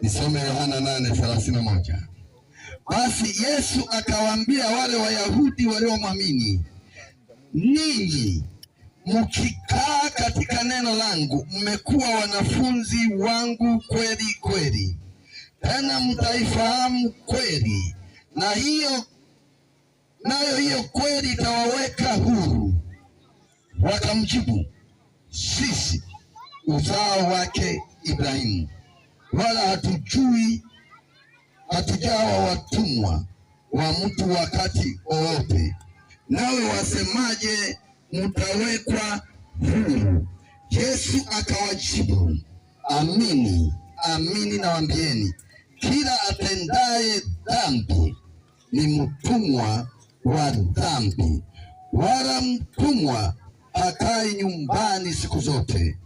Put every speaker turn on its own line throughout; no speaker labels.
Nisome Yohana nane thelathini na moja. Basi Yesu akawaambia wale Wayahudi waliomwamini, ninyi mkikaa katika neno langu mmekuwa wanafunzi wangu kweli kweli, tena mtaifahamu kweli, na hiyo nayo hiyo kweli itawaweka huru. Wakamjibu, sisi uzao wake Ibrahimu wala hatujui, hatujawa watumwa wa mtu wakati wowote. Nawe wasemaje? Mtawekwa huru. Yesu akawajibu, amini amini nawaambieni, kila atendaye dhambi ni mtumwa wa dhambi, wala mtumwa akae nyumbani siku zote,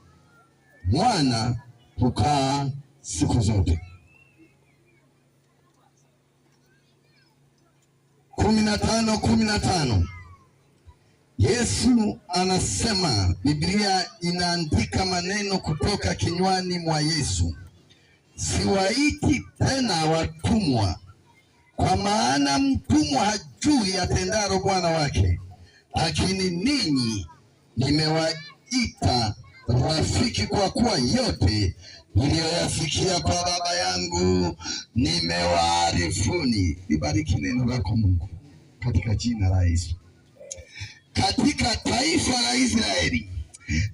mwana hukaa siku zote. kumi na tano kumi na tano Yesu anasema, Biblia inaandika maneno kutoka kinywani mwa Yesu, siwaiti tena watumwa, kwa maana mtumwa hajui atendalo bwana wake, lakini ninyi nimewaita rafiki, kwa kuwa yote niliyoyafikia kwa Baba yangu nimewaarifuni. libariki neno lako Mungu, katika jina la Yesu. Katika taifa la Israeli,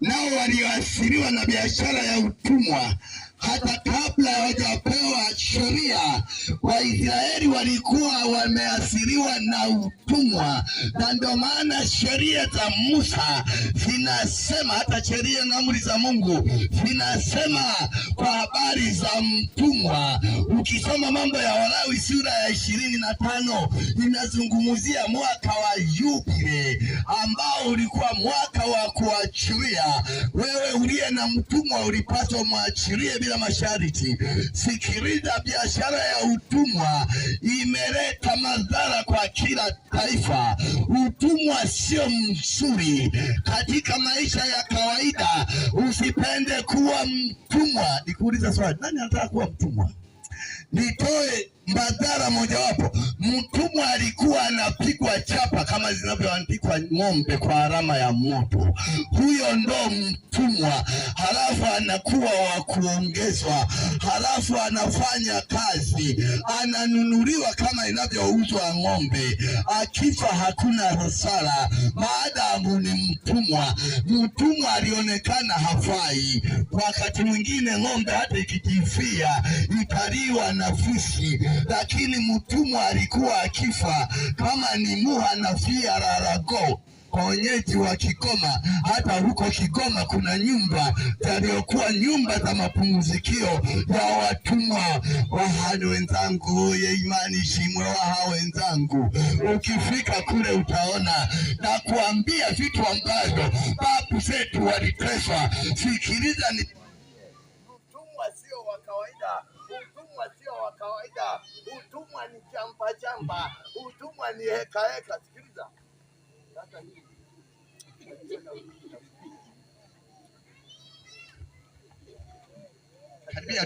nao walioathiriwa na biashara ya utumwa hata kabla hawaja Waisraeli walikuwa wameathiriwa na utumwa, na ndio maana sheria za Musa zinasema, hata sheria na amri za Mungu zinasema kwa habari za mtumwa. Ukisoma mambo ya Walawi sura ya ishirini na tano inazungumzia mwaka wa Yubile ambao ulikuwa mwaka wa kuachilia. Wewe uliye na mtumwa ulipaswa mwachilie bila masharti. Sikiliza biashara ya utumwa utumwa imeleta madhara kwa kila taifa. Utumwa sio mzuri katika maisha ya kawaida, usipende kuwa mtumwa. Nikuuliza swali, nani anataka kuwa mtumwa? Nitoe madhara mojawapo, kwa ng'ombe kwa alama ya moto, huyo ndo mtumwa. Halafu anakuwa wa kuongezwa, halafu anafanya kazi, ananunuliwa kama inavyouzwa ng'ombe. Akifa hakuna hasara, maadamu ni mtumwa. Mtumwa alionekana hafai. Wakati mwingine ng'ombe hata ikijifia italiwa na fisi, lakini mtumwa alikuwa akifa kama ni muha na fia rarago wenyeji wa Kigoma. Hata huko Kigoma kuna nyumba zaliokuwa nyumba za mapumzikio ya watumwa. Wahani wenzangu, ye imani shimwe waha wenzangu, ukifika kule utaona na kuambia vitu ambazo babu zetu walitefa. Sikiliza ni utumwa sio wa kawaida. Utumwa ni jamba jamba, utumwa ni heka heka. Gracias.